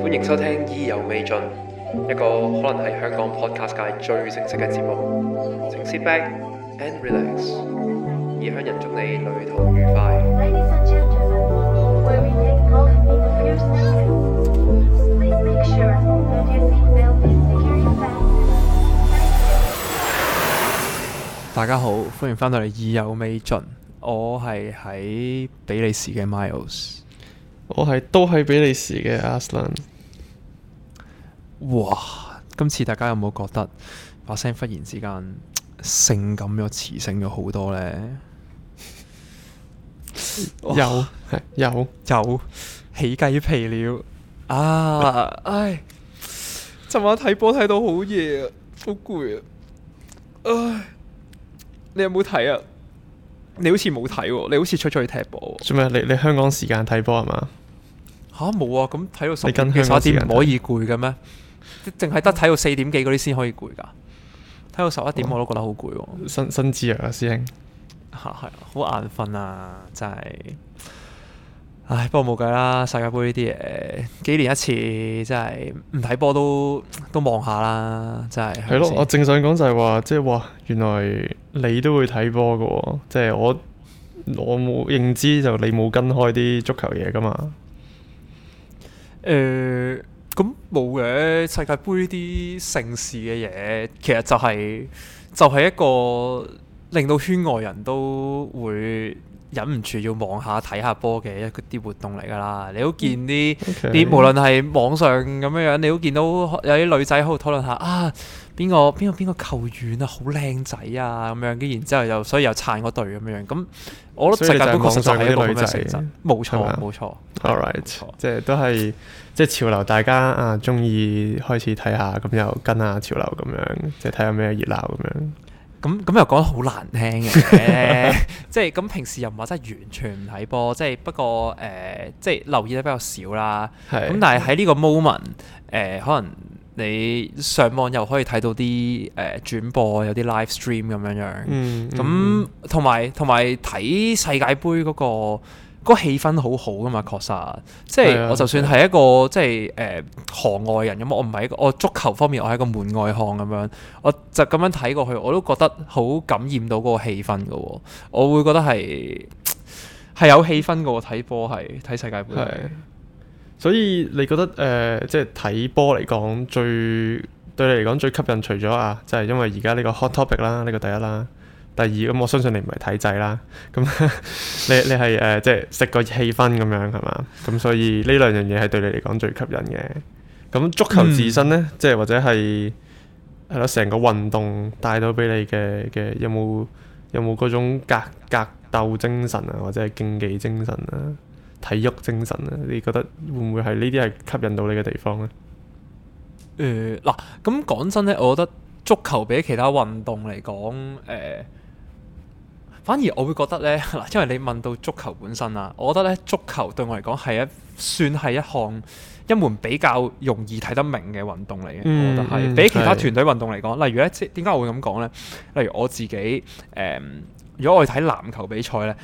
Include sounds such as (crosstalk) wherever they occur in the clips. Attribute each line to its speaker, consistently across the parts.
Speaker 1: 歡迎收聽意猶未盡一個可能係香港 podcast 界最成色嘅節目請 sit back and relax 異鄉人祝你旅途愉快大家好歡迎翻到嚟意猶未盡我係喺比利時嘅 Miles 我係都係比利時嘅阿斯蘭。哇！今次大家有冇覺得把聲忽然之間性感咗，磁性咗好多咧？有有有起雞皮了！啊 (laughs) 唉！尋晚睇波睇到好夜啊，好攰啊！唉，你有冇睇啊？你好似冇睇，你好似出咗去踢波
Speaker 2: 啊。做咩？你你香港時間睇波係嘛？
Speaker 1: 嚇，冇啊！咁睇、啊、到十一點唔可以攰嘅咩？淨係 (laughs) 得睇到四點幾嗰啲先可以攰噶。睇到十一點我
Speaker 2: 都覺得好攰喎。身身疲弱啊，師兄
Speaker 1: 吓係，啊啊、好眼瞓啊，真係。唉，不過冇計啦，世界盃呢啲嘢幾年一次，真係唔睇波都都望下啦，真係。係咯，我
Speaker 2: 正想講就係話，即係話原來你都會睇波嘅，即係我我冇認知就你冇跟開啲足球嘢噶嘛。誒，咁冇嘅世界盃啲盛
Speaker 1: 事嘅嘢，其實就係就係一個令到圈外人都會忍唔住要望下睇下波嘅一啲活動嚟㗎啦，你都見啲啲無論係網上咁樣樣，你都見到有啲女仔喺度討論下啊，邊個邊個邊個球員啊好靚仔啊咁樣，跟然之後又所以又撐嗰隊咁樣。咁我覺得世界都確實就係一個女仔，冇錯冇錯。
Speaker 2: All right，即係都係即係潮流，大家啊中意開始睇下，咁又跟下潮流咁樣，即係睇下咩熱鬧咁樣。咁咁又講得好難聽嘅，即
Speaker 1: 係咁平時又唔話真係完全唔睇波，即、就、係、是、不過誒，即、呃、係、就是、留意得比較少啦。咁是但係喺呢個 moment 誒、呃，可能你上網又可以睇到啲誒、呃、轉播，有啲 live stream 咁樣樣。咁同埋同埋睇世界盃嗰、那個，嗰氣氛好好噶嘛，確實，即係我就算係一個即係誒、呃、行外人咁，我唔係一個我足球方面我係一個門外漢咁樣，我就咁樣睇過去，我都覺得好感染到嗰個氣氛噶，
Speaker 2: 我會覺得係係有氣氛噶，睇波係睇世界盃，所以你覺得誒、呃、即係睇波嚟講最對你嚟講最吸引，除咗啊，就係、是、因為而家呢個 hot topic 啦，呢、這個第一啦。第二咁，我相信你唔係體制啦。咁你你係誒、呃，即係食個氣氛咁樣係嘛？咁所以呢兩樣嘢係對你嚟講最吸引嘅。咁足球自身呢，嗯、即係或者係係咯，成個運動帶到俾你嘅嘅，有冇有冇嗰種格格鬥精神啊，或者係競技精神啊、體育精神啊？你覺得會唔會係呢啲係吸引到你嘅地方呢？
Speaker 1: 誒嗱、嗯，咁講真咧，我覺得足球比其他運動嚟講，誒、呃。反而我會覺得呢，嗱，因為你問到足球本身啦，我覺得呢，足球對我嚟講係一算係一項一門比較容易睇得明嘅運動嚟嘅。嗯，我覺得係比其他團隊運動嚟講，是的例如呢，即點解我會咁講呢？例如我自己誒，呃，如果我睇籃球比賽呢。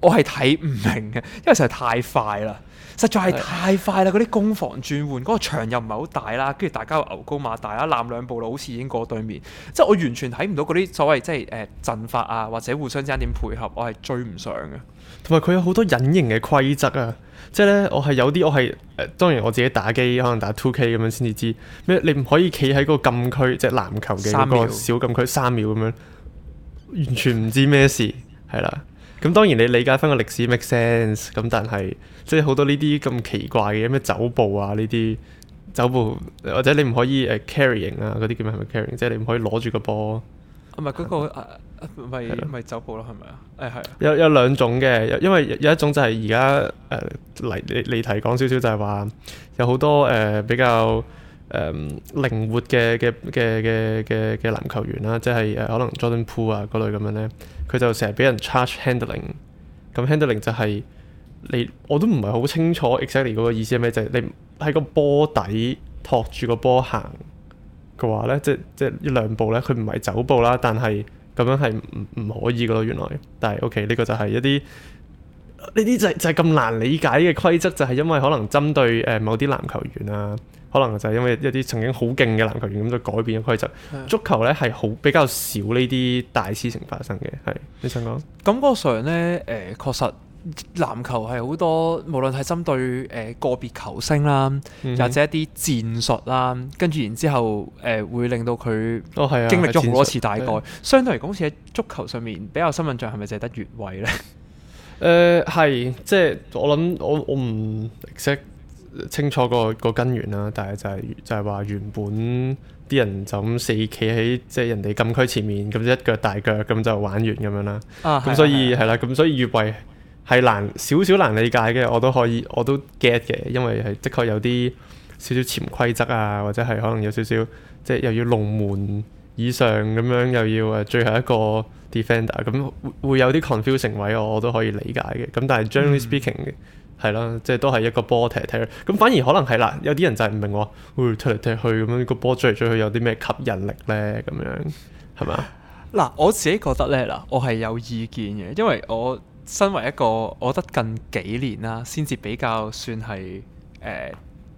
Speaker 1: 我係睇唔明嘅，因為實在太快啦，實在係太快啦。嗰啲攻防轉換，嗰個場又唔係好大啦，跟住大家牛高馬大啦，攬兩步路好似已經過對面，即係我完全睇唔到嗰啲所謂即係誒陣法啊，或者互相之間點配合，我係
Speaker 2: 追唔上嘅。同埋佢有好多隱形嘅規則啊，即係呢，我係有啲我係誒，當然我自己打機可能打 Two K 咁樣先至知咩，你唔可以企喺嗰個禁區，即係籃球嘅三個小禁區三秒咁樣，完全唔知咩事係啦。咁當然你理解翻個歷史 make sense，咁但係即係好多呢啲咁奇怪嘅，咩走步啊呢啲走步，或者你唔可以誒 carrying 啊嗰啲叫咩係咪 carrying？即係你唔可以攞住個波、
Speaker 1: 啊嗰個。啊咪嗰個誒咪咪走步咯係咪啊？
Speaker 2: 誒係。有有兩種嘅，因為有一種就係而家誒嚟嚟嚟提講少少就係話有好多誒、呃、比較。誒、呃、靈活嘅嘅嘅嘅嘅嘅籃球員啦，即係誒可能 Jordan Poole 啊嗰類咁樣咧，佢就成日俾人 charge handling hand、就是。咁 handling 就係你我都唔係好清楚 exactly 嗰個意思係咩，就係、是、你喺個波底托住個波行嘅話咧，即即一兩步咧，佢唔係走步啦，但係咁樣係唔唔可以嘅咯。原來，但係 OK 呢個就係一啲。呢啲就就係咁難理解嘅規則，就係、是、因為可能針對誒某啲籃球員啊，可能就係因為一啲曾經好勁嘅籃球員咁就改變咗規則。是的 足球呢係好比較少呢啲大事情發生嘅，係你想講？
Speaker 1: 感覺上呢誒，確、呃、實籃球係好多，無論係針對誒、呃、個別球星啦，或者一啲戰術啦，跟住然之後誒、呃、會令到佢都係經歷咗好多次。大概相對嚟講，好似喺足球上面比較深印象，係咪就係
Speaker 2: 得越位呢？ (laughs) 誒係、呃，即係我諗，我我唔識清楚、那個、那個根源啦，但係就係就係話原本啲人就咁死企喺即係人哋禁區前面，咁一腳大腳咁就玩完咁、啊、樣啦。咁所以係啦，咁的所以越位係難少少難理解嘅，我都可以我都 get 嘅，因為係的確有啲少少潛規則啊，或者係可能有少少即係又要龍門。以上咁樣又要誒最後一個 defender，咁會有啲 confusing 位我我都可以理解嘅。咁但係 generally speaking 係咯、嗯，即係都係一個波踢踢去。咁反而可能係啦，有啲人就係唔明話，會、哎、踢嚟踢去咁樣個波追嚟追去有啲咩吸引力咧咁樣係咪？
Speaker 1: 嗱，我自己覺得咧嗱，我係有意見嘅，因為我身為一個我覺得近幾年啦，先至比較算係誒。呃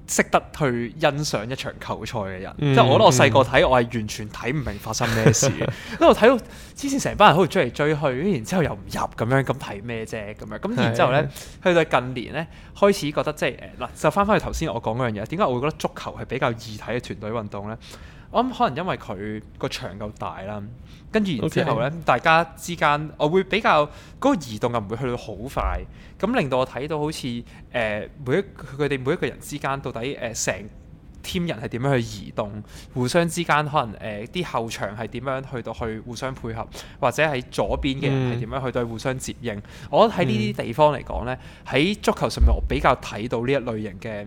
Speaker 1: 識得去欣賞一場球賽嘅人，嗯、即係我覺得我細個睇我係完全睇唔明發生咩事， (laughs) 因為睇到之前成班人喺度追嚟追去，然之後又唔入咁樣，咁睇咩啫？咁樣咁然之後呢，去到近年呢，開始覺得即係誒嗱，就翻翻去頭先我講嗰樣嘢，點解我會覺得足球係比較易睇嘅團隊運動呢？我諗可能因為佢個場夠大啦，跟住然之後呢，大家之間我會比較嗰、那個移動又唔會去到好快，咁令到我睇到好似誒、呃、每一佢哋每一個人之間到底誒成 team 人係點樣去移動，互相之間可能誒啲、呃、後場係點樣去到去互相配合，或者喺左邊嘅人係點樣去對互相接應。嗯、我覺得喺呢啲地方嚟講呢，喺足球上面我比較睇到呢一類型嘅，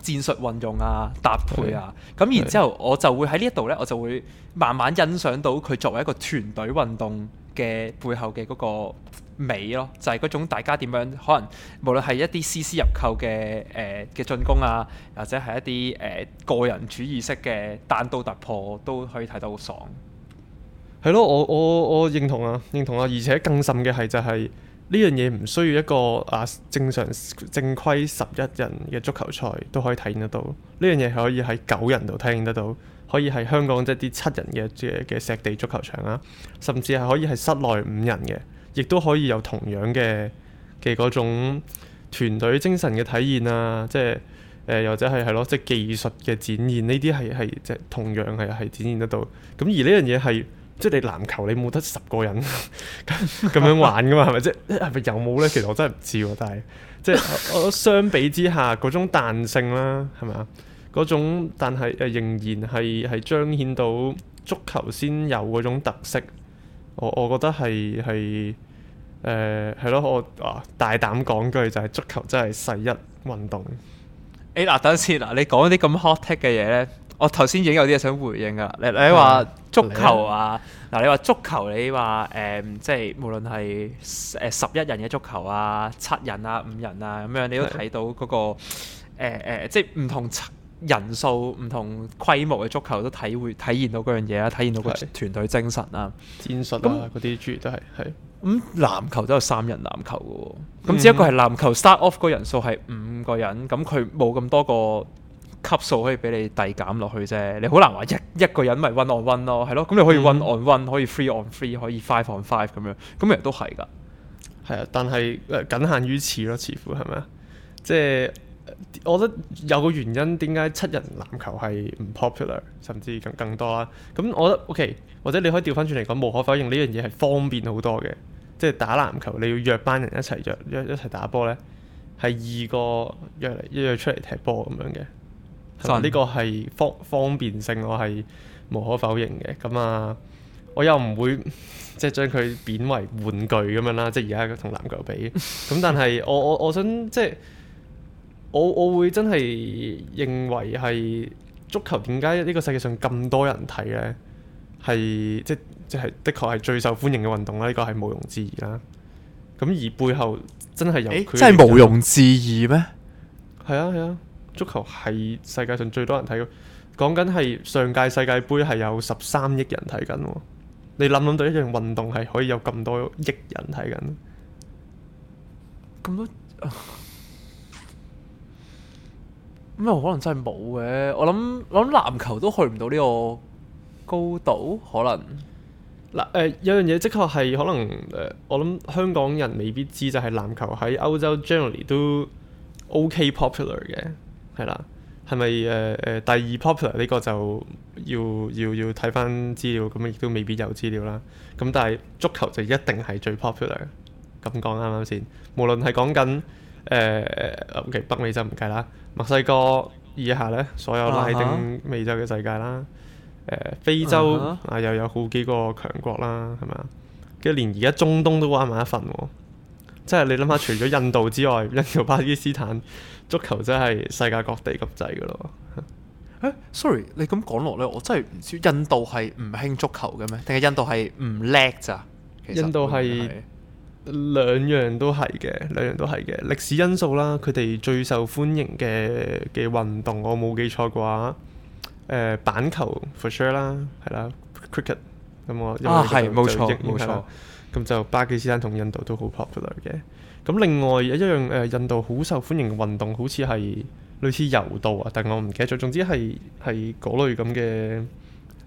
Speaker 1: 戰術運用啊、搭配啊，咁然之後我就會喺呢一度呢，我就會慢慢欣賞到佢作為一個團隊運動嘅背後嘅嗰個美咯，就係、是、嗰種大家點樣可能無論係一啲絲絲入扣嘅誒嘅進攻啊，或者係一啲誒、呃、個人主義式嘅單刀突破，都可以睇到好爽。
Speaker 2: 係咯，我我我認同啊，認同啊，而且更甚嘅係就係、是。呢樣嘢唔需要一個啊正常正規十一人嘅足球賽都可以體驗得到。呢樣嘢係可以喺九人度體驗得到，可以係香港即係啲七人嘅嘅嘅石地足球場啦，甚至係可以係室內五人嘅，亦都可以有同樣嘅嘅嗰種團隊精神嘅體驗啊！即係誒、呃，或者係係咯，即係技術嘅展現，呢啲係係即係同樣係係展現得到。咁而呢樣嘢係。即係你籃球你冇得十個人咁 (laughs) 樣玩噶嘛，係咪即係咪有冇咧？其實我真係唔知，但係即係我，我相比之下，嗰種彈性啦，係咪啊？嗰種但係誒，仍然係係彰顯到足球先有嗰種特色。我我覺得係係誒係咯，我啊大膽講句，就係、是、足球真係世一運動。誒嗱、欸呃，等陣先嗱，你講啲咁 hot 嘅嘢咧？我頭先已經有啲嘢想回
Speaker 1: 應㗎喇，你你說話、嗯、足球啊，嗱你話足球你，你話誒，即係無論係誒十一人嘅足球啊、七人啊、五人啊咁樣，你都睇到嗰、那個誒的、呃、即係唔同人數、唔同規模嘅足球都體會體現到嗰樣嘢啊，體現到個團隊精神啊，戰術啊，嗰啲主要都係係。咁、嗯、籃球都有三人籃球㗎喎，咁只不過係籃球、嗯、start off 個人數係五個人，咁佢冇咁多個。級數可以俾你遞減落去啫，你好難話一一個人咪 one on one 咯，係咯，咁你可以 one on one，可以 three on three，可以 five on five 咁樣，咁其實都
Speaker 2: 係㗎，係啊，但係誒僅限於此咯，似乎係咪啊？即係我覺得有個原因點解七人籃球係唔 popular，甚至更更多啦。咁我覺得 OK，或者你可以調返轉嚟講，無可否認呢樣嘢係方便好多嘅。即係打籃球你要約班人一齊約約一齊打波咧，係二個約嚟一約出嚟踢波咁樣嘅。呢、嗯、個係方方便性，我係無可否認嘅。咁啊，我又唔會即係將佢貶為玩具咁樣啦。即係而家同籃球比，咁 (laughs) 但係我我我想即係我我會真係認為係足球點解呢個世界上咁多人睇咧？係即即係、就係、的確係最受歡迎嘅運動啦。呢、呢個係毋庸置疑啦。咁而背後真係有誒，真係毋庸
Speaker 1: 置疑咩？
Speaker 2: 係啊係啊。足球係世界上最多人睇嘅，講緊係上屆世界盃係有十三億人睇緊。你諗諗到一樣運動係可以有咁多億人睇緊，咁
Speaker 1: 多咩？啊、可能真係冇嘅。我諗諗籃球都去唔到呢個
Speaker 2: 高度，可能。嗱、啊，誒、呃、有樣嘢，即確係可能誒、呃，我諗香港人未必知，就係、是、籃球喺歐洲 generally 都 OK popular 嘅。係啦，係咪誒誒第二 popular 呢個就要要要睇翻資料，咁亦都未必有資料啦。咁但係足球就一定係最 popular。咁講啱啱先？無論係講緊誒北美洲唔計啦，墨西哥以下呢，所有拉丁美洲嘅世界啦，誒、uh huh. 呃、非洲啊、uh huh. 呃、又有好幾個強國啦，係嘛？跟住連而家中東都攬埋一份喎、啊。即係你諗下，除咗印度之外， (laughs) 印度巴基斯坦。足球真係世界各地咁滯噶咯？欸
Speaker 1: ，sorry 你咁講落咧，我真係唔知
Speaker 2: 印度係唔興足球嘅咩？定係印度係唔叻咋？印度係兩樣都係嘅，兩樣都係嘅歷史因素啦。佢哋最受歡迎嘅嘅運動，我冇記錯嘅話，誒、呃、板球 for sure 啦，係啦 cricket 咁、嗯、我啊係冇錯冇錯。咁就巴基斯坦同印度都好 popular 嘅。咁另外有一樣誒、啊，印度好受歡迎嘅運動，好似係類似柔道啊，但係我唔記得咗。總之係係嗰類咁嘅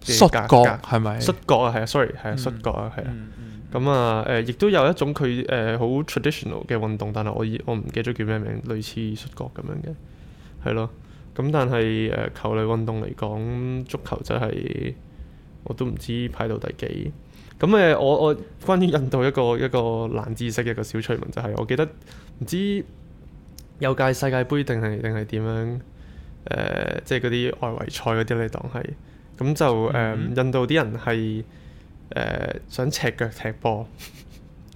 Speaker 2: 摔角係咪？摔角啊，係啊，sorry 係啊，摔角啊，係啊。咁啊誒，亦都有一種佢誒好 traditional 嘅運動，但係我我唔記得咗叫咩名，類似摔角咁樣嘅，係咯。咁、嗯、但係誒、啊、球類運動嚟講，足球真係我都唔知排到第幾。咁誒、嗯，我我關於印度一個一個冷知識嘅一個小趣聞就係、是，我記得唔知有屆世界盃定係定係點樣？誒、呃，即係嗰啲外圍賽嗰啲你當係咁就誒、呃，印度啲人係誒、呃、想赤腳踢波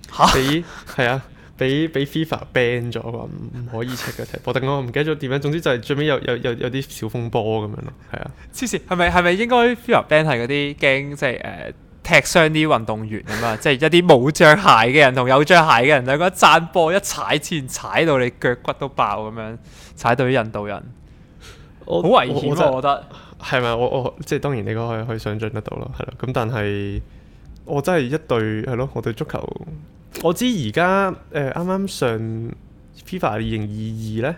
Speaker 2: 嚇，俾 (laughs) 係 (laughs) (laughs) 啊，俾俾 FIFA ban 咗嘛，唔可以赤腳踢波。定 (laughs) 我唔記得咗點樣？總之就係最尾有有有有啲小風波咁樣咯。係啊，黐線，係咪係咪應該 FIFA ban 係嗰啲驚即係誒？踢傷啲運動員啊嘛， (laughs) 即係一啲冇著鞋嘅
Speaker 1: 人同有著鞋嘅人 (laughs) 兩個爭波，一踩前踩到你腳骨都爆咁樣，踩
Speaker 2: 到啲印度人，好我危險。我，我，我覺得係咪？我我即係當然你個可以可以想像得到咯，係咯。咁但係我真係一對係咯，我對足球，我知而家誒啱啱上 FIFA 二零二二咧，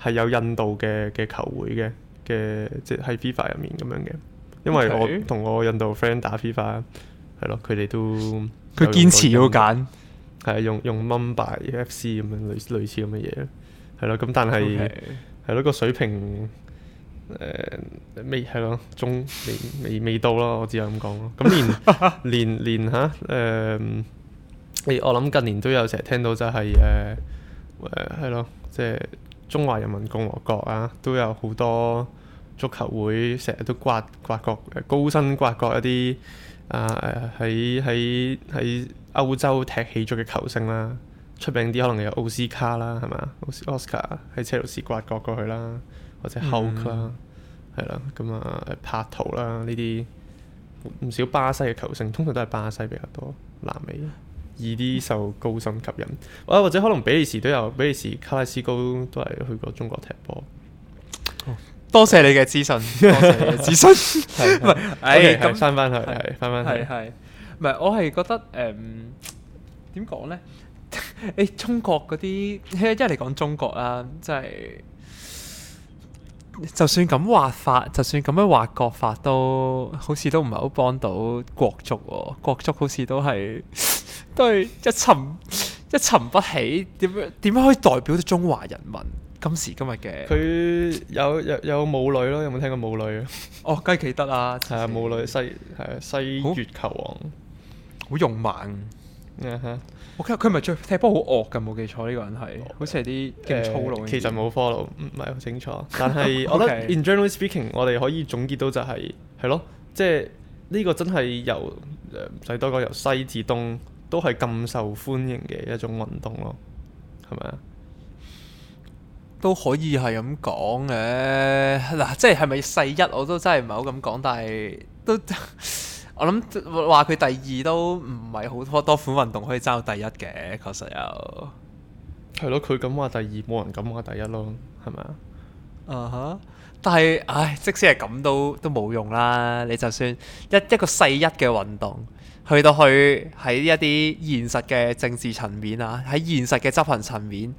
Speaker 2: 係有印度嘅嘅球會嘅嘅，即係喺、就是、FIFA 入面咁樣嘅。因為我同我印度 friend 打 FIFA，係咯，佢哋都佢堅持要揀，係用用 Mumbai F.C. 咁樣類似類似咁嘅嘢，係咯。咁但係係咯個水平，誒、呃、未係咯，中未未未，未到咯。我只有咁講咯。咁連連 (laughs) 連嚇誒、呃，我諗近年都有成日聽到就係誒誒係咯，即係中華人民共和國啊，都有好多。足球會成日都刮刮角，高薪刮角一啲啊！喺喺喺歐洲踢氣足嘅球星啦，出名啲可能有奧斯卡啦，係咪？奧斯奧斯卡喺車路士刮角過，過去啦，或者 Hulk 啦、嗯，係啦，咁、嗯、啊帕圖啦呢啲唔少巴西嘅球星，通常都係巴西比較多南美，易啲受高薪吸引。啊，或者可能比利時都有比利時卡拉斯高都係去過中國踢波。多謝你嘅資訊，多謝你嘅資訊。唔係，哎，咁翻翻去，係翻翻去，係。
Speaker 1: 唔係，我係覺得，誒，點講咧？你中國嗰啲，即係嚟講中國啦，即係，就算咁畫法，就算咁樣畫國法，都好似都唔係好幫到國足。國足好似都係都係一沉一沉不起。點樣點樣可以代表啲中華人民？今時今日嘅佢
Speaker 2: 有有有舞女咯，有冇聽過舞女啊？哦，梗係記得啊，係啊，舞、嗯、女西係啊，西月球王，好，好勇猛。 (noise) 我記得佢咪最踢波好惡㗎，冇記錯呢、這個人係，心好似係啲勁粗魯。其實冇 follow 唔係好清楚，但係我覺得 in general speaking，我哋可以總結到就係係咯，即係呢、這個真係由唔使多講，由西至東都係咁受歡迎嘅一種運動咯，係咪啊？都可以係
Speaker 1: 咁講嘅嗱，即係係咪世一我都真係唔係好咁講，但係都
Speaker 2: 我諗話佢第二都唔係好多多款運動可以爭到第一嘅，確實又，係咯，佢咁話第二，冇人敢話第一咯，係咪啊？啊哈、uh！Huh. 1 但係，唉，即使係咁都都冇用啦。你就算
Speaker 1: 一一個世一嘅運動，去到去喺一啲現實嘅政治層面啊，喺現實嘅執行層面。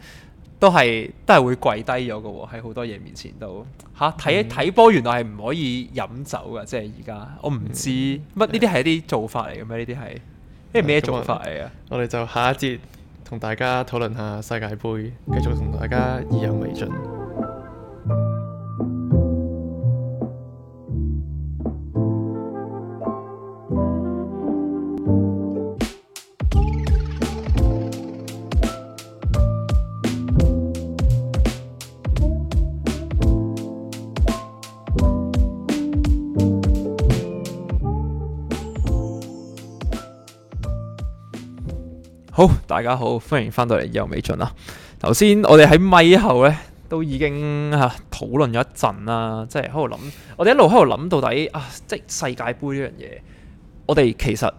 Speaker 1: 都係都係會跪低咗嘅喎，喺好多嘢面前都嚇，睇睇波原來係唔可以飲酒嘅，即係而家我唔
Speaker 2: 知乜呢啲係一啲做法嚟嘅咩？呢啲係呢係咩做法嚟啊？我哋就下一節同大家討論下世界盃，繼續同大家意猶未盡。好，
Speaker 1: 大家好，歡迎翻到嚟《優美盡》啊，頭先我哋喺咪後咧，都已經吓討論咗一陣啦，即係喺度諗。我哋一路喺度諗到底啊，即係世界盃呢樣嘢，我哋其實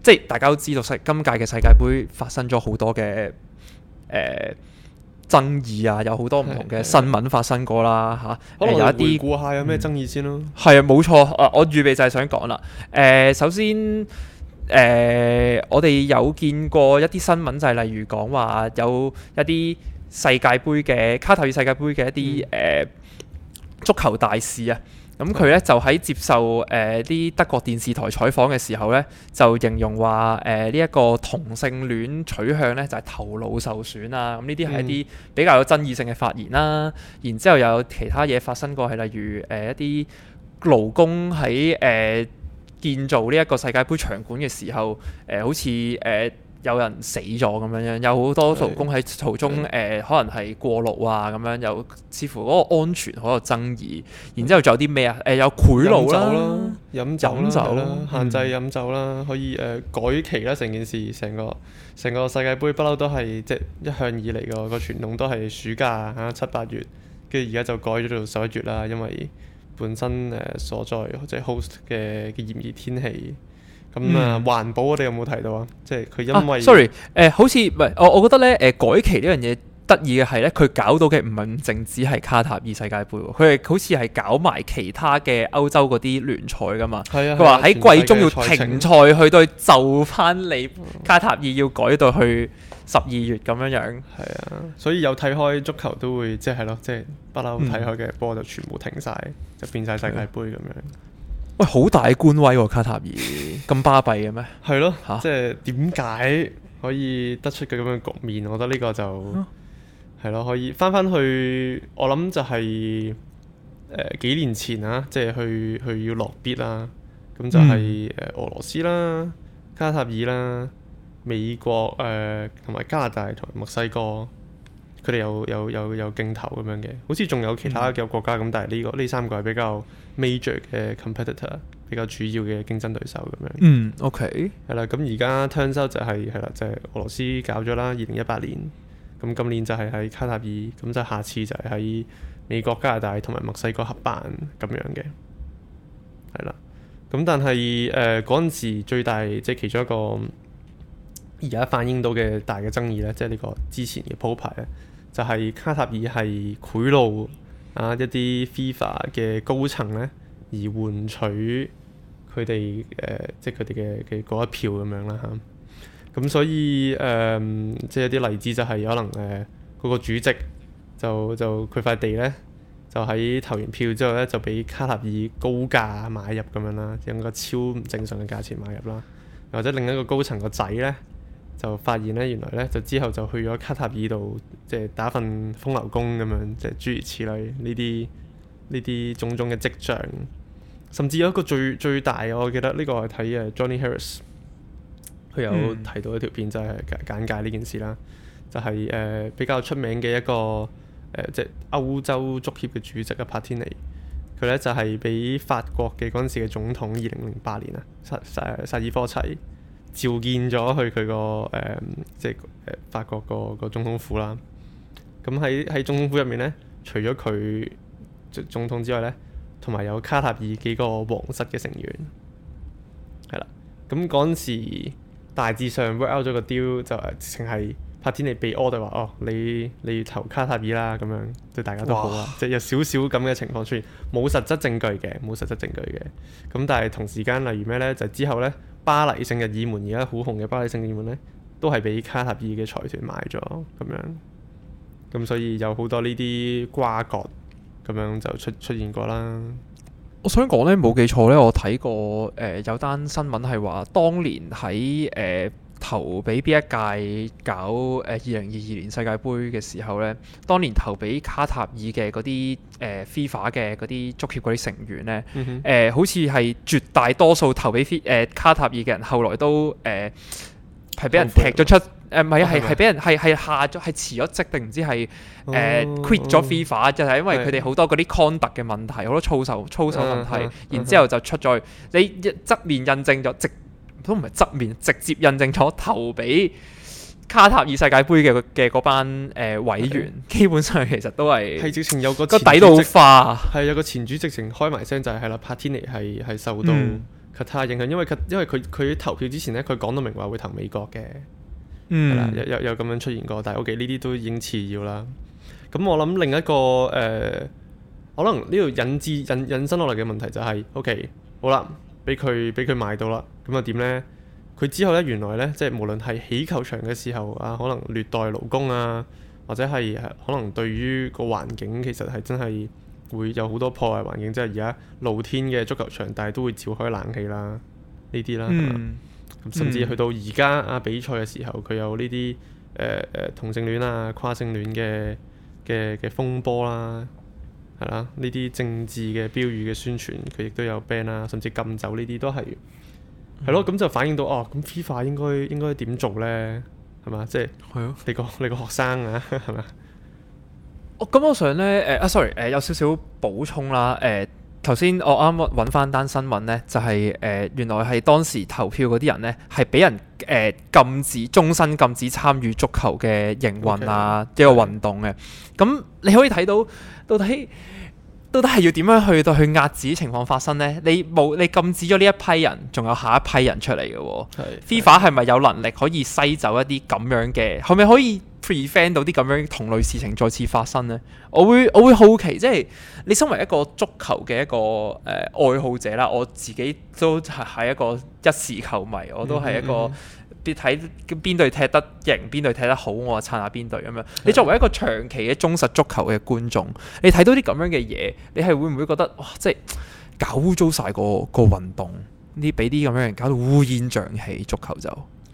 Speaker 1: 即係大家都知道，世今屆嘅世界盃發生咗好多嘅誒、呃、爭議啊，有好多唔同嘅新聞發生過啦，吓的。有、啊、一啲估下有咩爭議先咯。係啊、嗯，冇錯啊，我預備就係想講啦。誒、呃，首先。誒、呃，我哋有見過一啲新聞就係，例如講話有一啲世界盃嘅卡塔爾世界盃嘅一啲誒、嗯呃、足球大使啊。咁佢咧就喺接受誒啲、呃、德國電視台採訪嘅時候咧，就形容話誒呢一個同性戀取向咧就係、是、頭腦受損啊。咁呢啲係一啲比較有爭議性嘅發言啦。然之後有其他嘢發生過，係例如誒、呃、一啲勞工喺誒。呃建造呢一個世界盃場館嘅時候，誒、呃、好似誒、呃、有人死咗咁樣，有好多勞工喺途中誒的、呃，可能係過勞啊咁樣，有似乎
Speaker 2: 嗰個安全好有爭議。然之後仲有啲咩啊？誒、呃、有賄賂啦，飲酒啦酒，限制飲酒啦，可以誒、呃、改期啦。成件事，成個成個世界盃不嬲都係即一向以嚟個個傳統都係暑假嚇七八月，跟住而家就改咗到十一月啦，因為，本身誒所在即係 host 嘅嘅炎熱天氣，咁啊、嗯、環保我哋有冇提到啊？即係佢因為 sorry
Speaker 1: 誒、呃，好似唔係我我覺得咧誒、呃、改期呢樣嘢得意嘅係咧，佢搞到嘅唔係唔淨止係卡塔爾世界盃，佢係好似係搞埋其他嘅歐洲嗰啲聯賽㗎嘛。佢話喺季中要停賽，去到
Speaker 2: 就返你卡塔爾要改到去十二月咁樣樣。係啊，所以有睇開足球都會即係咯，即係不嬲睇開嘅波就全部停晒。嗯就變晒世界盃咁樣，
Speaker 1: 喂，好大官威喎、啊！卡塔爾咁巴閉嘅
Speaker 2: 咩？係咯， (laughs) 即係點解可以得出嘅咁嘅局面？我覺得呢個就係咯、啊，可以翻翻去，我諗就係、是、誒、呃、幾年前啊，即、就、係、是、去去要落 bid 啦咁就係、是、誒、嗯、俄羅斯啦、卡塔爾啦、美國誒同埋加拿大同墨西哥。佢哋有有有有鏡頭咁樣嘅，好似仲有其他嘅國家咁，嗯、但係呢個呢三個係比較 major 嘅 competitor，比較主要嘅競爭對手咁樣。嗯，OK，係啦。咁而家 Tunisia 就係係啦，就係、是、俄羅斯搞咗啦，二零一八年。咁今年就係喺卡塔爾，咁就下次就係喺美國加拿大同埋墨西哥合辦咁樣嘅。係啦。咁但係誒嗰陣時最大即係、就是、其中一個而家反映到嘅大嘅爭議咧，即係呢個之前嘅鋪排咧。就係卡塔爾係賄賂啊，一啲 FIFA 嘅高層咧，而換取佢哋誒，即係佢哋嘅嘅嗰一票咁樣啦嚇。咁、啊、所以誒、呃，即係一啲例子就係可能誒，嗰、呃嗰個主席就就佢塊地咧，就喺投完票之後咧，就俾卡塔爾高價買入咁樣啦，用個超唔正常嘅價錢買入啦，或者另一個高層個仔咧。就發現咧，原來咧就之後就去咗卡塔爾度，即係打份風流工咁樣，即係諸如此類呢啲呢啲種種嘅跡象。甚至有一個最最大，我記得呢個係睇誒 Johnny Harris，佢有提到一條片就係、是、簡介呢件事啦。就係、是、誒、呃、比較出名嘅一個誒、呃、即係歐洲足協嘅主席啊，帕天尼。佢咧就係、是、俾法國嘅嗰陣時嘅總統二零零八年啊，薩薩爾科齊。召見咗去佢個誒，即係誒法國個個總統府啦。咁喺喺總統府入面咧，除咗佢總統之外咧，同埋有卡塔爾幾個皇室嘅成員，係啦。咁嗰陣時大致上 work out 咗個 deal，就直情係柏天尼被屙就話。哦，你你要投卡塔爾啦，咁樣對大家都好啊。哇即係有少少咁嘅情況出現，冇實質證據嘅，冇實質證據嘅。咁但係同時間，例如咩咧，就是、之後咧。巴黎聖日耳門而家好紅嘅巴黎聖日耳門呢，都係俾卡塔爾嘅財團買咗咁樣，咁所以有好多呢啲瓜葛咁樣就出出現過啦。我想講呢，冇記錯呢，我睇過
Speaker 1: 誒有單新聞係話當年喺誒。呃投俾邊一屆搞，誒二零二二年世界盃嘅時候咧，當年投俾卡塔爾嘅嗰啲誒 FIFA 嘅嗰啲足協嗰啲成員咧，誒、嗯哼呃、好似係絕大多數投俾誒、呃、卡塔爾嘅人，後來都誒係俾人踢咗出，誒唔係係係俾人係係下咗係辭咗職定唔知係誒 quit 咗 FIFA，就係因為佢哋好多嗰啲 conduct 嘅問題，好多操守操守問題，嗯、哼然後之後就出咗去，你側面印證咗直。都唔係側面直接印證咗投俾卡
Speaker 2: 塔爾世界盃嘅嘅嗰班誒委員，
Speaker 1: 基本上其實都係係直情有個底到化，
Speaker 2: 係有個前主席直情開埋聲就係係啦，Patini 係受到卡塔爾影響，因為因為佢佢投票之前咧，佢講到明話會投美國嘅，
Speaker 1: 嗯，有
Speaker 2: 有有咁樣出現過，但係我記呢啲都已經次要啦。咁我諗另一個誒，可能呢度引致引引申落嚟嘅問題就係 OK，好啦，俾佢俾佢買到啦。咁又點呢？佢之後呢，原來呢，即係無論係起球場嘅時候啊，可能虐待勞工啊，或者係可能對於個環境其實係真係會有好多破壞環境。即係而家露天嘅足球場，但係都會照開冷氣啦，呢啲啦。咁、嗯啊、甚至去到而家啊，比賽嘅時候，佢有呢啲誒誒同性戀啊、跨性戀嘅嘅嘅風波、啊、啦，係啦，呢啲政治嘅標語嘅宣傳，佢亦都有 ban 啦、啊，甚至禁酒呢啲都係。係咯，咁 (music) 就反映到哦，咁 FIFA 應該應該點做咧？係嘛，即係係囉，你個你個學生啊，係嘛？哦，咁我想咧，誒、呃，啊，sorry，
Speaker 1: 誒，有少少補充啦，誒、呃，頭先我啱啱揾翻單新聞咧，就係、是、誒、呃，原來係當時投票嗰啲人咧，係俾人誒、呃、禁止終身禁止參與足球嘅營運啊，一個運動嘅。咁對 你可以睇到到底。到底係要點樣去到去遏止情況發生呢？你冇你禁止咗呢一批人，仲有下一批人出嚟嘅喎。FIFA 係咪有能力可以篩走一啲咁樣嘅？係咪的可以 prevent 到啲咁樣同類事情再次發生呢？我會我會好奇，即係你身為一個足球嘅一個誒、呃、愛好者啦，我自己都係係一個一時球迷，我都係一個。嗯嗯你睇邊隊踢得贏，邊隊踢得好，我撐下邊隊咁樣。你作為一個長期嘅忠實足球嘅觀眾，你睇到啲咁樣嘅嘢，你係會唔會覺得哇？即係搞污糟晒個個運動，呢俾啲咁樣人搞到烏煙瘴氣，足球就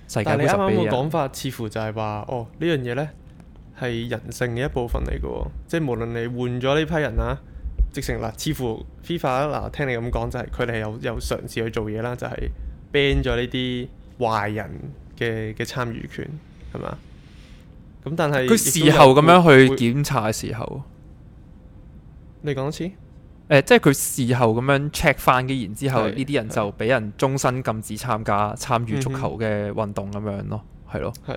Speaker 1: 世界級十幾人。
Speaker 2: 講法似乎就係話，哦呢樣嘢呢，係人性嘅一部分嚟㗎，即係無論你換咗呢批人啊，直情嗱，似乎 FIFA 嗱聽你咁講就係佢哋有有嘗試去做嘢啦，就係、是、ban 咗呢啲壞人。嘅嘅參與權係嘛？咁但係佢事後咁樣去
Speaker 1: 檢查嘅時候，
Speaker 2: 你講多
Speaker 1: 次？欸，即係佢事後咁樣 check 翻嘅，然之後呢啲是人就俾人終身禁止參加參與足球嘅運動咁樣、嗯、哼咯，係咯，係。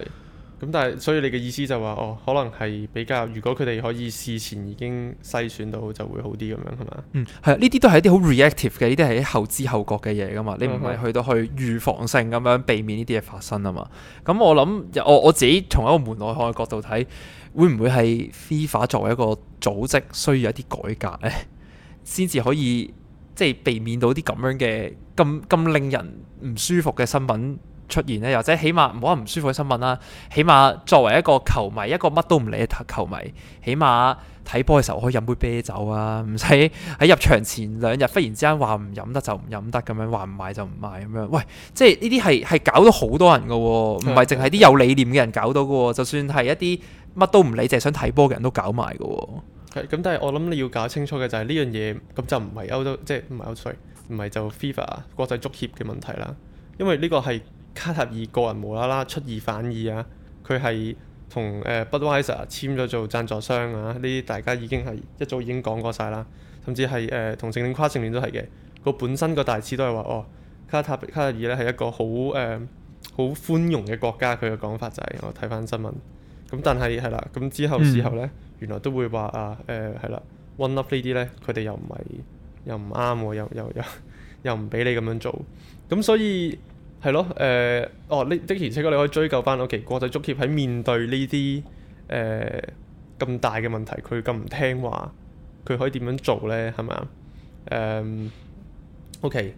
Speaker 2: 咁但係，所以你嘅意思就話、是、哦，可能係比較，如果佢哋可以事前已經篩選到，就會好啲咁樣，係嘛？嗯，
Speaker 1: 係啊，呢啲都係一啲好 reactive 嘅，呢啲係後知後覺嘅嘢噶嘛。嗯、哼你唔係去到去預防性咁樣避免呢啲嘢發生啊嘛。咁我諗，我我自己從一個門外漢嘅角度睇，會唔會係 FIFA 作為一個組織需要一啲改革咧，先 (laughs) 至可以即係、就是、避免到啲咁樣嘅咁咁令人唔舒服嘅新聞出現咧，又或者起碼唔好話唔舒服嘅新聞啦。起碼作為一個球迷，一個乜都唔理嘅球迷，起碼睇波嘅時候可以飲杯啤酒啊，唔使喺入場前兩日忽然之間話唔飲得就唔飲得咁樣，話唔買就唔買咁樣。喂，即係呢啲係係搞到好多人噶喎，唔係淨係啲有理念嘅人搞到噶喎，的就算係一啲乜都唔理，淨係想睇波嘅人都搞埋噶喎。
Speaker 2: 係咁，但係我諗你要搞清楚嘅就係呢樣嘢，咁就唔係歐洲，即係唔係歐錦，唔係就 FIFA 國際足協嘅問題啦，因為呢個係。卡塔爾個人無啦啦出爾反爾啊！佢係同誒、呃、Budweiser 簽咗做贊助商啊！呢啲大家已經係一早已經講過晒啦，甚至係誒同性戀跨性戀都係嘅。個本身個大師都係話：哦，卡塔卡塔爾咧係一個好誒好寬容嘅國家。佢嘅講法就係、是、我睇翻新聞。咁但係係啦，咁之後、嗯、之後咧，原來都會話啊誒係啦，One Love 呢啲咧，佢哋又唔係又唔啱喎，又、啊、又又又唔俾你咁樣做。咁所以。係咯，誒、呃，哦，呢啲而且確你可以追究返。O.K. 國際足協喺面對呢啲誒咁大嘅問題，佢咁唔聽話，佢可以點樣做咧？係咪啊？誒、呃、O.K.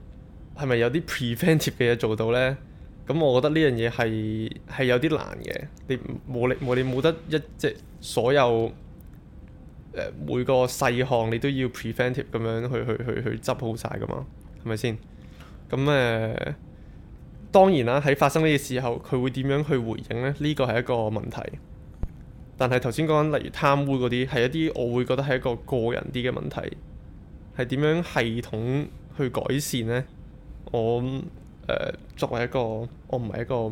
Speaker 2: 係咪有啲 preventive 嘅嘢做到咧？咁我覺得呢樣嘢係係有啲難嘅。你冇力冇你冇得一即係所有誒、呃、每個細項，你都要 preventive 咁樣去去去去執好晒㗎嘛？係咪先？咁誒、呃當然啦、啊，喺發生呢啲時候，佢會點樣去回應呢？呢個係一個問題。但係頭先講例如貪污嗰啲，係一啲我會覺得係一個個人啲嘅問題。係點樣系統去改善呢？我誒、呃、作為一個，我唔係一個，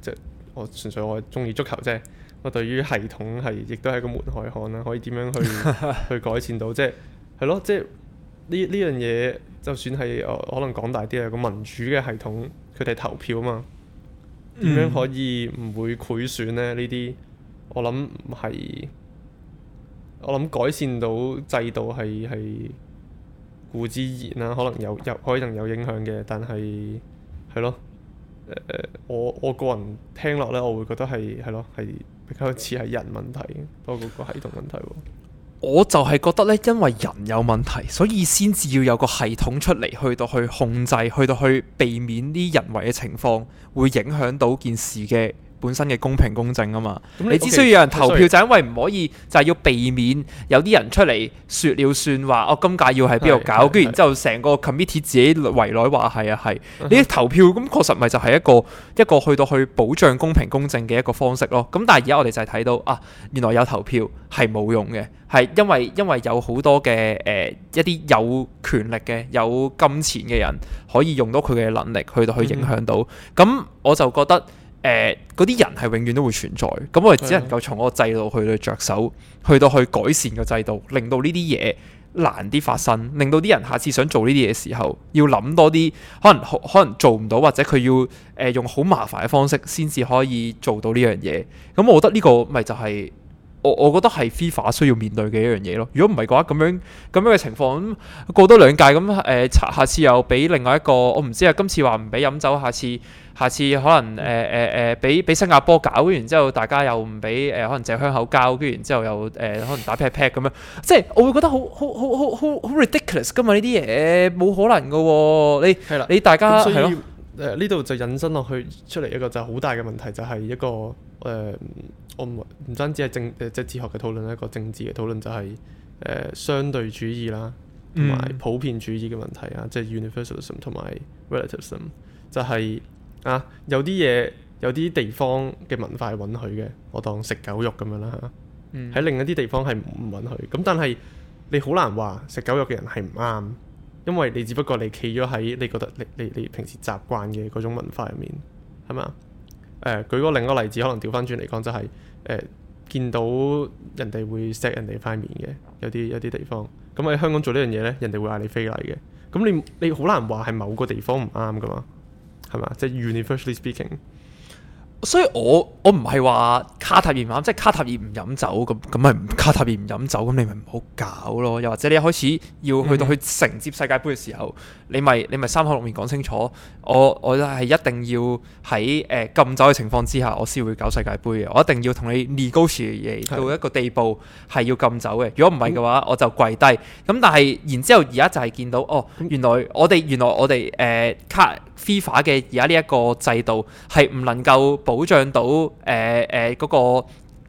Speaker 2: 即我純粹我中意足球啫。我對於系統係亦都係個門外漢啦，可以點樣去 (laughs) 去改善到？即係係咯，即係呢呢樣嘢，就算係可能講大啲啦，個民主嘅系統。佢哋投票啊嘛，點樣可以唔會賄選呢？呢啲我諗唔係，我諗改善到制度係係固之然啦、啊，可能有有可能有影響嘅，但係係咯，我我個人聽落咧，我會覺得係係咯係比較似係人問題多過個系統問題。
Speaker 1: 我就係覺得呢，因為人有問題，所以先至要有個系統出嚟，去到去控制，去到去避免啲人為嘅情況，會影響到件事嘅。本身嘅公平公正啊嘛，你只需要有人投票，就係 Okay, sorry. 因為唔可以，就係、是、要避免有啲人出嚟，說了算話，話哦今屆要喺邊度搞，跟住是然之後成個 committee 自己圍內，話係啊係你投票咁確實咪就係一個一個去到去保障公平公正嘅一個方式咯。咁但係而家我哋就係睇到啊，原來有投票係冇用嘅，係因為因為有好多嘅誒、呃、一啲有權力嘅有金錢嘅人可以用到佢嘅能力去到去影響到。咁、嗯、哼我就覺得。誒嗰啲人係永遠都會存在，咁我哋只能夠從嗰個制度去到着手，去到去改善個制度，令到呢啲嘢難啲發生，令到啲人下次想做呢啲嘢時候，要諗多啲，可能可能做唔到，或者佢要誒、呃、用好麻煩嘅方式先至可以做到呢樣嘢。咁我覺得呢個咪就係、是，我我覺得係 FIFA 需要面對嘅一樣嘢咯。如果唔係嘅話，咁樣咁樣嘅情況咁過多兩屆咁誒，下次又俾另外一個我唔知啊。今次話唔俾飲酒，下次下次可能誒誒誒，俾、呃、俾、呃、新加坡搞完之後，大家又唔俾誒，可能嚼香口膠。跟住然之後又誒、呃，可能打 pat pat 咁樣。即係我會覺得好好好好好好
Speaker 2: ridiculous 噶嘛呢啲嘢，冇可能噶喎。你的你大家係誒呢度就引申落去出嚟一個就好大嘅問題，就係、是、一個誒。呃我唔唔單止係政誒哲學嘅討論，一個政治嘅討論就係、是、誒、呃、相對主義啦，同埋普遍主義嘅問題、嗯 ism，就是、啊，即係 universalism 同埋 relativism，就係啊有啲嘢有啲地方嘅文化係允許嘅，我當食狗肉咁樣啦，喺、啊嗯、另一啲地方係唔允許。咁但係你好難話食狗肉嘅人係唔啱，因為你只不過你企咗喺你覺得你你你，你平時習慣嘅嗰種文化入面，係咪啊？誒、呃、舉個另一個例子，可能調翻轉嚟講，就係。誒見到人哋會錫人哋塊面嘅有啲有啲地方。咁喺香港做呢樣嘢呢，人哋會嗌你非禮嘅。咁你你好難話係某個地方唔啱噶嘛，係咪？即係 universally speaking。所以我我唔係話
Speaker 1: 卡塔爾唔啱，即係卡塔爾唔飲酒，咁咁，咪卡塔爾唔飲酒，咁你咪唔好搞咯。又或者你一開始要去到去承接世界盃嘅時候，嗯嗯你咪你咪三口六面講清楚，我我係一定要喺誒、呃、禁酒嘅情況之下，我先會搞世界盃嘅。我一定要同你 negotiate 嘅嘢，到一個地步係要禁酒嘅。的如果唔係嘅話，嗯、我就跪低。咁但係然之後而家就係見到哦，原來我哋原來我哋誒、呃、FIFA 嘅而家呢一個制度係唔能夠。保障到誒誒嗰個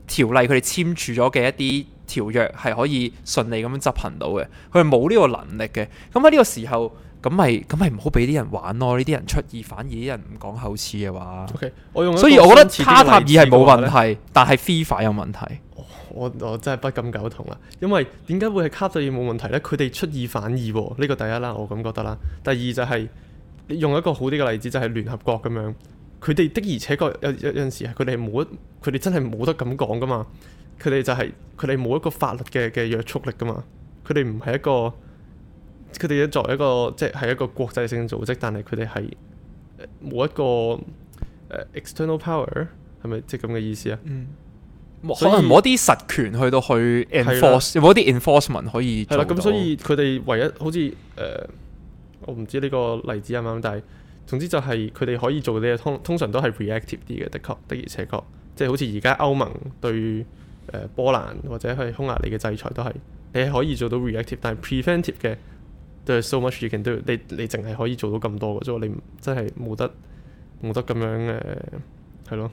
Speaker 1: 條例，佢哋簽署咗嘅一啲條約係可以順利咁樣執行到嘅，佢冇呢個能力嘅。咁喺呢個時候，咁咪咁咪唔好俾啲人玩咯。呢啲人
Speaker 2: 出爾反爾，啲人唔講口齒嘅話。O、okay, K，我用，所以我覺得卡塔爾係冇問題，但係
Speaker 1: FIFA 有問題。
Speaker 2: 我我真係不敢苟同啦。因為點解會係卡塔爾冇問題呢？佢哋出爾反爾，呢、這個第一啦，我咁覺得啦。第二就係、是、用一個好啲嘅例子，就係、是、聯合國咁樣。佢哋的而且確有有陣時係，佢哋冇得，佢哋真係冇得咁講噶嘛。佢哋就係佢哋冇一個法律嘅嘅約束力噶嘛。佢哋唔係一個，佢哋作為一個即係一個國際性組織，但係佢哋係冇一個 external power，係咪即係咁嘅意思啊？嗯、以可能冇一
Speaker 1: 啲實權去到去 enforce，冇的一啲 enforcement 可以。係啦，咁所以
Speaker 2: 佢哋唯一好似誒、呃，我唔知呢個例子啱唔啱，但係。總之就係佢哋可以做嘅嘢，通通常都係 reactive 啲嘅，的確的而且確，即係好似而家歐盟對誒、呃、波蘭或者係匈牙利嘅制裁都係，你可以做到 reactive，但係 preventive 嘅 there's so much you can do，你你淨係可以做到咁多嘅，啫。你真係冇得冇得咁樣誒，係、呃、咯。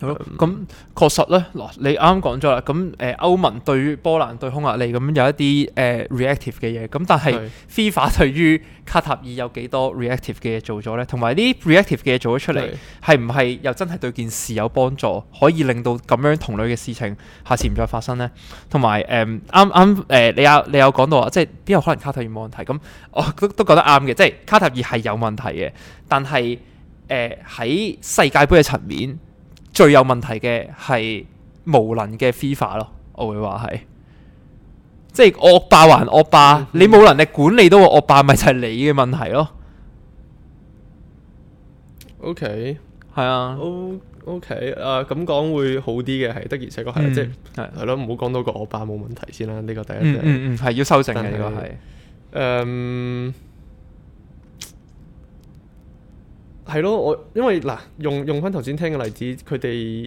Speaker 1: 咁、嗯嗯嗯、確實咧。嗱，你啱啱講咗啦，咁、嗯、誒歐盟對於波蘭對匈牙利咁有一啲誒 reactive 嘅嘢，咁、呃、但係非法 f a 對於卡塔爾有幾多 reactive 嘅嘢做咗咧？同埋呢啲 reactive 嘅嘢做咗出嚟，係唔係又真係對件事有幫助，可以令到咁樣同類嘅事情下次唔再發生咧？同埋誒啱啱誒你有你有講到啊，即係邊有可能卡塔爾冇問題？咁、嗯、我都都覺得啱嘅，即係卡塔爾係有問題嘅，但係誒喺世界盃嘅層面。最有問題嘅係無能嘅 FIFA 咯，我會話係，即係惡霸還惡霸， (noise) 你冇能力管理到惡、就是、個惡霸，咪就係你嘅問題咯。
Speaker 2: OK，係啊。O，OK，誒咁講會好啲嘅係得，而且確係即係係咯，唔好講多個惡霸冇問題先啦。呢、這個第一、就是嗯，嗯嗯嗯，係要修正嘅呢個係，誒是。是嗯係咯，我因為嗱，用用翻頭先聽嘅例子，佢哋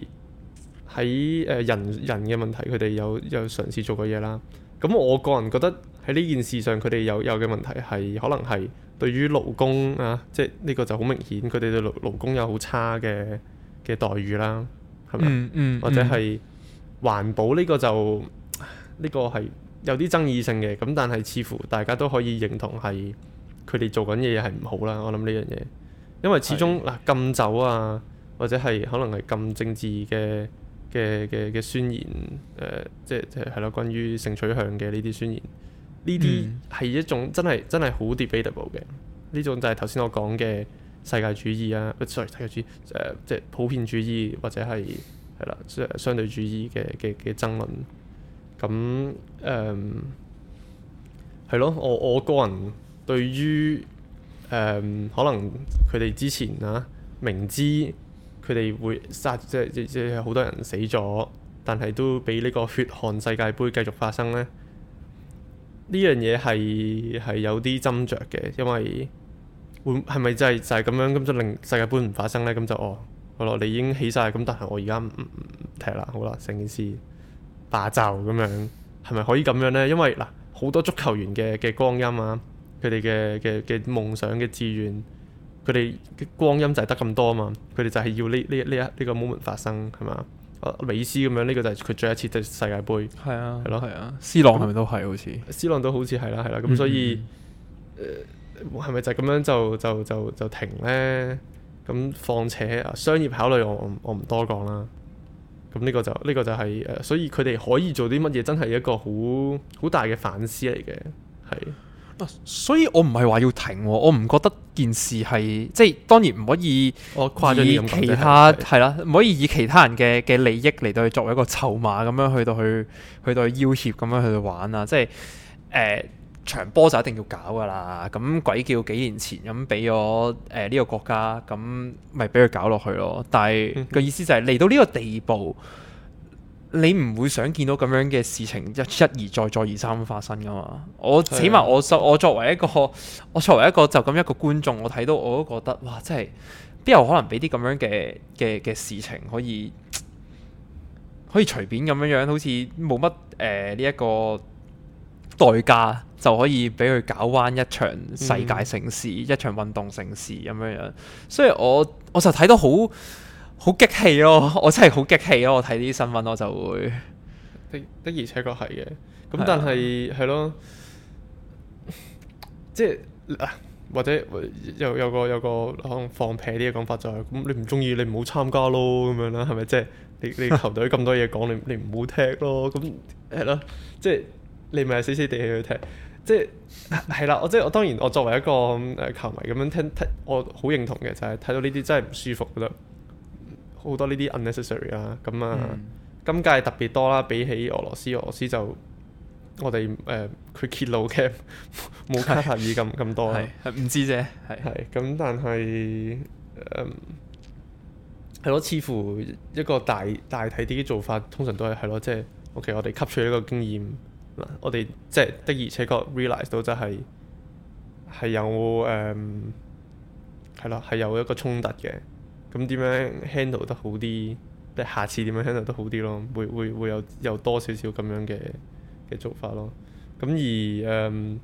Speaker 2: 喺誒人人嘅問題，佢哋有有嘗試做過嘢啦。咁，我個人覺得喺呢件事上，佢哋有有嘅問題係可能係對於勞工啊，即係呢個就好明顯，佢哋對勞工有好差嘅嘅待遇啦，係咪？嗯，嗯，嗯。或者係環保呢個就呢，呢個係有啲爭議性嘅，咁但係似乎大家都可以認同係佢哋做緊嘅嘢係唔好啦。我諗呢樣嘢。因為始終嗱禁酒啊，或者係可能係禁政治嘅嘅嘅嘅宣言，誒、呃，即係即係係咯，關於性取向嘅呢啲宣言，呢啲係一種真係、嗯、真係好 debatable 嘅，呢種就係頭先我講嘅世界主義啊，sorry，世界主義誒、呃、即係普遍主義或者係係啦相相對主義嘅嘅嘅爭論，咁誒係咯，我我個人對於。誒、嗯、可能佢哋之前啊，明知佢哋會殺，即係即係好多人死咗，但係都俾呢個血汗世界盃繼續發生咧。呢樣嘢係係有啲斟酌嘅，因為會係咪就係就係咁樣咁就令世界盃唔發生咧？咁就哦，好啦，你已經起晒，咁但係我而家唔唔踢啦，好啦，成件事霸就咁樣，係咪可以咁樣咧？因為嗱，好多足球員嘅嘅光陰啊～佢哋嘅嘅嘅夢想嘅志願，佢哋嘅光陰就係得咁多啊嘛！佢哋就係要呢呢呢一呢個 moment 發生係嘛、啊？美斯咁樣呢、呢個就係佢最一次世界盃係啊，係咯，係啊，C 朗係咪都係好似 C 朗都好似係啦，係啦咁，啊、所以誒，係咪、嗯呃、就係咁樣就就就就停咧？咁況且啊，商業考慮我我唔多講啦。咁呢個就呢、呢個就係、是呃，所以佢哋可以做啲乜嘢真係一個好好大嘅反思嚟嘅，
Speaker 1: 係。所以，我唔係話要停，我唔覺得件事係即係當然唔可以我以其他係啦，唔可以以其他人嘅嘅利益嚟到作為一個籌碼咁樣去到去去到去要挾咁樣去玩啊！即係誒場波就一定要搞噶啦！咁鬼叫幾年前咁俾咗誒呢個國家咁，咪俾佢搞落去咯！但係個、嗯、哼意思就係、是、嚟到呢個地步。你唔會想見到咁樣嘅事情一一而再再而三咁發生噶嘛？我的起碼我作我作為一個我作為一個就咁一個觀眾，我睇到我都覺得哇！真係邊有可能俾啲咁樣嘅嘅嘅事情可以可以隨便咁樣樣，好似冇乜誒呢一個代價就可以俾佢搞彎一場世界盛事、嗯、一場運動盛事咁樣樣。所以我我就睇到好。好激氣咯、喔！我真係好激氣咯、喔！我睇啲
Speaker 2: 新聞，我就會的的而且確係嘅。咁但係係咯，即係啊，或者有有個有個可能放屁啲嘅講法就係：咁你唔中意，你唔好參加咯，咁樣啦，係咪？即、就、係、是、你你球隊咁多嘢講， (laughs) 你你唔好踢咯。咁係咯，即係你咪死死地氣去踢。即係係 (laughs) 啦。我即係我當然我作為一個誒球迷咁樣聽聽，我好認同嘅就係、是、睇到呢啲真係唔舒服覺得。好多呢啲 unnecessary 啦，咁啊、嗯、今屆特別多啦，比起俄羅斯，俄羅斯就我哋誒佢揭露嘅冇 (laughs) 卡塔爾咁咁 (laughs) 多啦，係唔 (laughs) 知啫，係係咁，但係誒係咯，似乎一個大大體啲做法，通常都係係咯，即、嗯、係、就是、OK，我哋吸取一個經驗，我哋即係的而且確 realize 到，就係、是、係、就是、有誒係咯，係、嗯、有一個衝突嘅。咁點樣 handle 得好啲？即係下次點樣 handle 得好啲咯？會會會有有多少少咁樣嘅嘅做法咯。咁、嗯、而誒、嗯，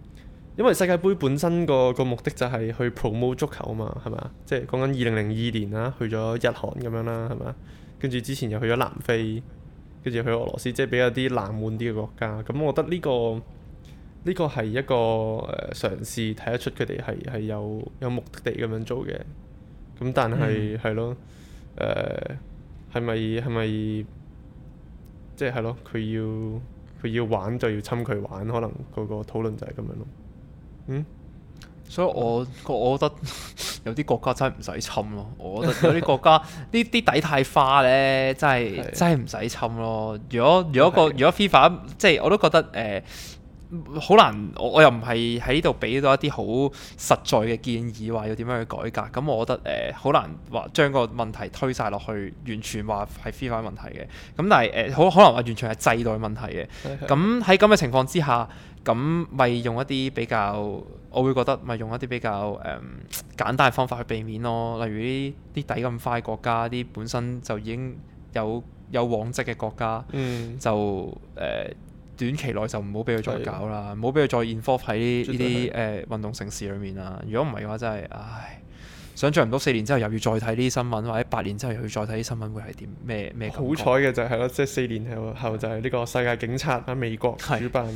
Speaker 2: 因為世界盃本身個個目的就係去 promote 足球啊嘛，係嘛？即係講緊二零零二年啦，去咗日韓咁樣啦，係嘛？跟住之前又去咗南非，跟住去俄羅斯，即係比較啲冷門啲嘅國家。咁、嗯、我覺得呢、這個呢、這個係一個誒、呃、嘗試，睇得出佢哋係係有有目的地咁樣做嘅。咁但係係咯，誒係咪係咪即係係咯？佢、嗯就是、要佢要玩就要侵佢玩，可能個個討論就係咁樣咯。嗯，所以我我覺得有啲國家
Speaker 1: 真係唔使侵咯。我覺得有啲國家, (laughs) 國家呢啲底太花咧，真係 (laughs) 真係唔使侵咯。如果如果個是如果非法即係我都覺得誒。呃好難，我我又唔係喺呢度俾到一啲好實在嘅建議，話要點樣去改革。咁我覺得誒好、呃、難話將個問題推晒落去，完全話係 FIFA 問題嘅。咁但係誒好可能話完全係制度問題嘅。咁喺咁嘅情況之下，咁咪用一啲比較，我會覺得咪用一啲比較誒、嗯、簡單嘅方法去避免咯。例如呢啲底咁快國家，啲本身就已經有有往績嘅國家，嗯就，就、呃、誒。短期內就唔好俾佢再搞啦，唔好俾佢再 involve 喺呢啲誒運動城市裏面啊！如果唔係嘅話真，真係唉，想象唔到四年之後又要再睇呢啲新聞，或者八年之後又要再睇啲新聞會係點
Speaker 2: 咩咩？好彩嘅就係、是、咯，即係、就是、四年後就係、是、呢個世界警察喺美國主辦。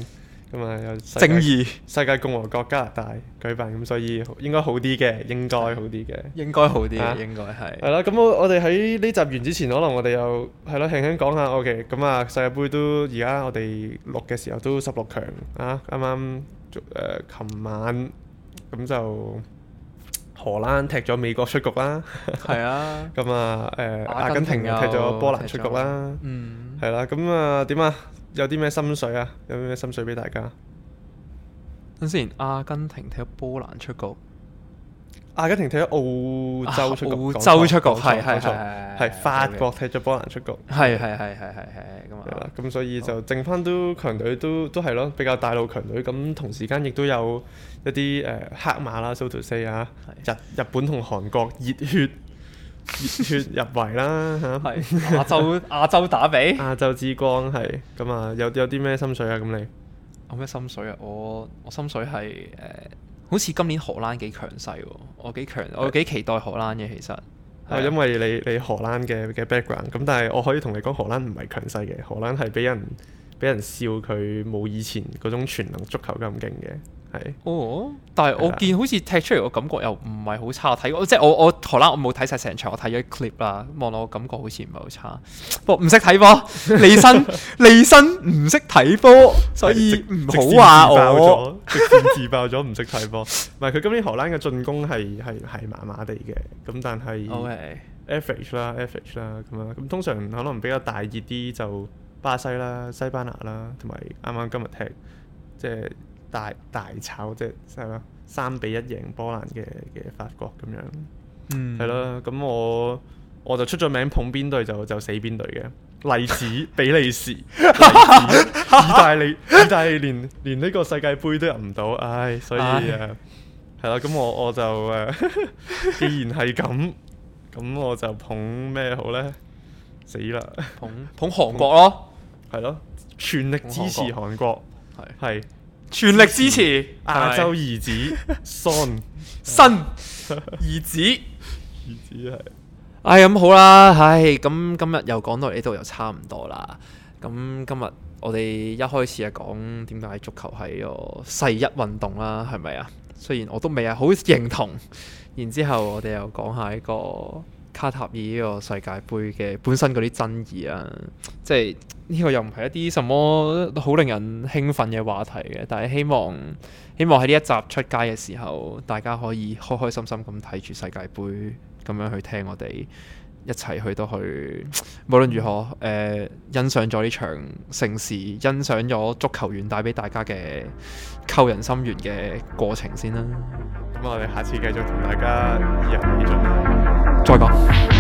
Speaker 2: 咁啊，有正義世界共和國加拿大舉辦，咁所以應該好啲嘅，應該好啲嘅，應該好啲嘅，應該係。係啦，咁我我哋喺呢集完之前，可能我哋又係啦，輕輕講下，OK，咁啊，世界盃都而家我哋錄嘅時候都十六強啊，啱啱誒琴晚咁就荷蘭踢咗美國出局啦，係啊，咁啊誒阿根廷踢咗波蘭出局啦，嗯，係啦，咁啊點啊？有啲咩心水啊？有咩心水俾大家？等先，阿
Speaker 1: 根廷踢波蘭出局，阿根廷踢咗澳洲出局，澳洲出局，係係係係，法國踢咗波蘭出局，係係係係
Speaker 2: 係係咁啊！咁所以就剩翻都強隊，都都係咯，比較大陸強隊。咁同時間亦都有一啲誒黑馬啦，蘇托四啊，日日本同韓國熱血。熱血入圍啦吓，係亞 (laughs) 洲亞 (laughs) 洲打比，亞洲之光係咁啊，有有啲咩心水啊？咁你
Speaker 1: 有咩心水，心水，呃、啊？我
Speaker 2: 我心水係誒，好似今
Speaker 1: 年荷蘭幾強勢，我幾
Speaker 2: 強，我幾期待荷蘭嘅其實係的的因為你你荷蘭嘅嘅 background，咁但係我可以同你講荷蘭唔係強勢嘅，荷蘭係俾人。俾人笑佢冇以前嗰種全能足球咁勁嘅，係。
Speaker 1: 哦，但係我見好似踢出嚟個感覺又唔係好差，我睇過即係我我荷蘭我冇睇晒成場，我睇咗 clip 啦，望落我感覺好似唔係好差。不過唔識睇波，利申，利申唔識睇波，所以唔好話我。
Speaker 2: 直接自爆咗，唔識睇波。唔係佢今年荷蘭嘅進攻係係係麻麻地嘅，咁但係。ok。average 啦，average 啦，咁樣咁通常可能比較大熱啲就。巴西啦、西班牙啦，同埋啱啱今日踢即係、就是、大大炒，即係係咯三比一贏波蘭嘅嘅法國咁樣，嗯係咯，咁我我就出咗名捧邊隊就就死邊隊嘅例子，比利時、意大利、意大利連連呢個世界杯都入唔到，唉，所以誒係啦，咁唉、啊、我我就誒、啊，既然係咁，咁我就捧咩好咧？死啦！捧捧韓國咯～ (laughs) 係咯，全力支持韓國，係是，是全力支持，支持是亞洲兒子 Son
Speaker 1: 新兒子，兒子係，唉咁、哎、好啦，唉、哎、咁今日又講到呢度又差唔多啦，咁今日我哋一開始啊講點解足球係個世一運動啦，係咪啊？雖然我都未係好認同，然後之後我哋又講下一個。卡塔爾呢個世界盃嘅本身嗰啲爭議啊，即係呢個又唔係一啲什麼好令人興奮嘅話題嘅，但係希望希望喺呢一集出街嘅時候，大家可以開開心心咁睇住世界盃，咁樣去聽我哋一齊去到去，無論如何誒、呃，欣賞咗呢場盛事，欣賞咗足球員帶俾大家嘅扣人心絃嘅過程先啦。
Speaker 2: 咁我哋下次繼續同大家入戲中。
Speaker 1: 再講。